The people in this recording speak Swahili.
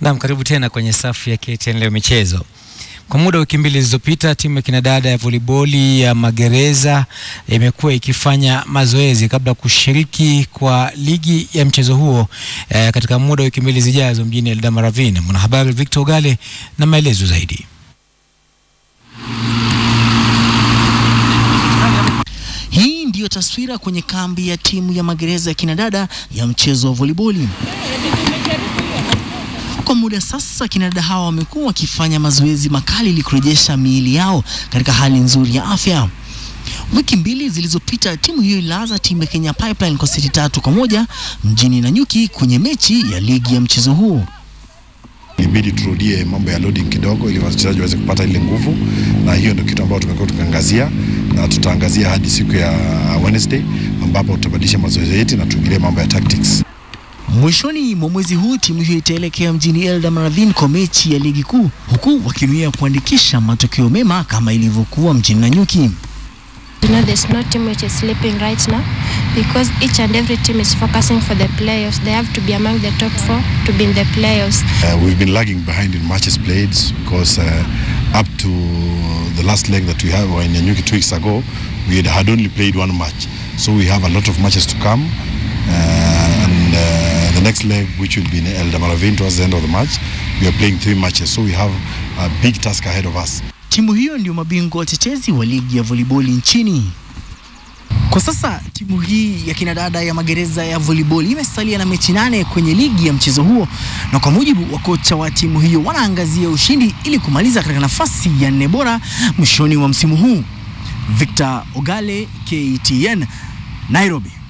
Naam, karibu tena kwenye safu ya KTN leo michezo. Kwa muda wiki mbili zilizopita, timu ya kinadada ya voliboli ya Magereza imekuwa ikifanya mazoezi kabla kushiriki kwa ligi ya mchezo huo e, katika muda wiki mbili zijazo mjini Eldama Maravini. Mwanahabari Victor Ugale na maelezo zaidi. Hii ndiyo taswira kwenye kambi ya timu ya Magereza ya kinadada ya mchezo wa voliboli. Kwa muda sasa, kinadada hawa wamekuwa wakifanya mazoezi makali ili kurejesha miili yao katika hali nzuri ya afya. Wiki mbili zilizopita timu hiyo ilaza timu ya Kenya Pipeline kwa seti tatu kwa moja mjini Nanyuki kwenye mechi ya ligi ya mchezo huu. Ibidi turudie mambo ya loading kidogo, ili wachezaji waweze kupata ile nguvu, na hiyo ndio kitu ambacho tumekuwa tukiangazia na tutaangazia hadi siku ya Wednesday ambapo tutabadilisha mazoezi yetu na tuingilie mambo ya tactics. Mwishoni mwa mwezi huu timu hiyo itaelekea mjini Elda Maradhin kwa mechi ya ligi kuu, huku wakinuia kuandikisha matokeo mema kama ilivyokuwa mjini Nanyuki. You know, there's no team which is sleeping right now because each and every team is focusing for the playoffs. They have to be among the top four to be in the playoffs. Uh, we've been lagging behind in matches played because uh, up to the last leg that we have were uh, in Nyanyuki two weeks ago, we had, had only played one match. So we have a lot of matches to come uh, and uh, next leg, which will be in El towards the end of the match, we are playing three matches, so we have a big task ahead of us. Timu hiyo ndio mabingwa watetezi wa ligi ya voliboli nchini. Kwa sasa timu hii ya kinadada ya magereza ya volleyball imesalia na mechi nane kwenye ligi ya mchezo huo, na kwa mujibu wa kocha wa timu hiyo, wanaangazia ushindi ili kumaliza katika nafasi ya nne bora mwishoni mwa msimu huu. Victor Ogale, KTN, Nairobi.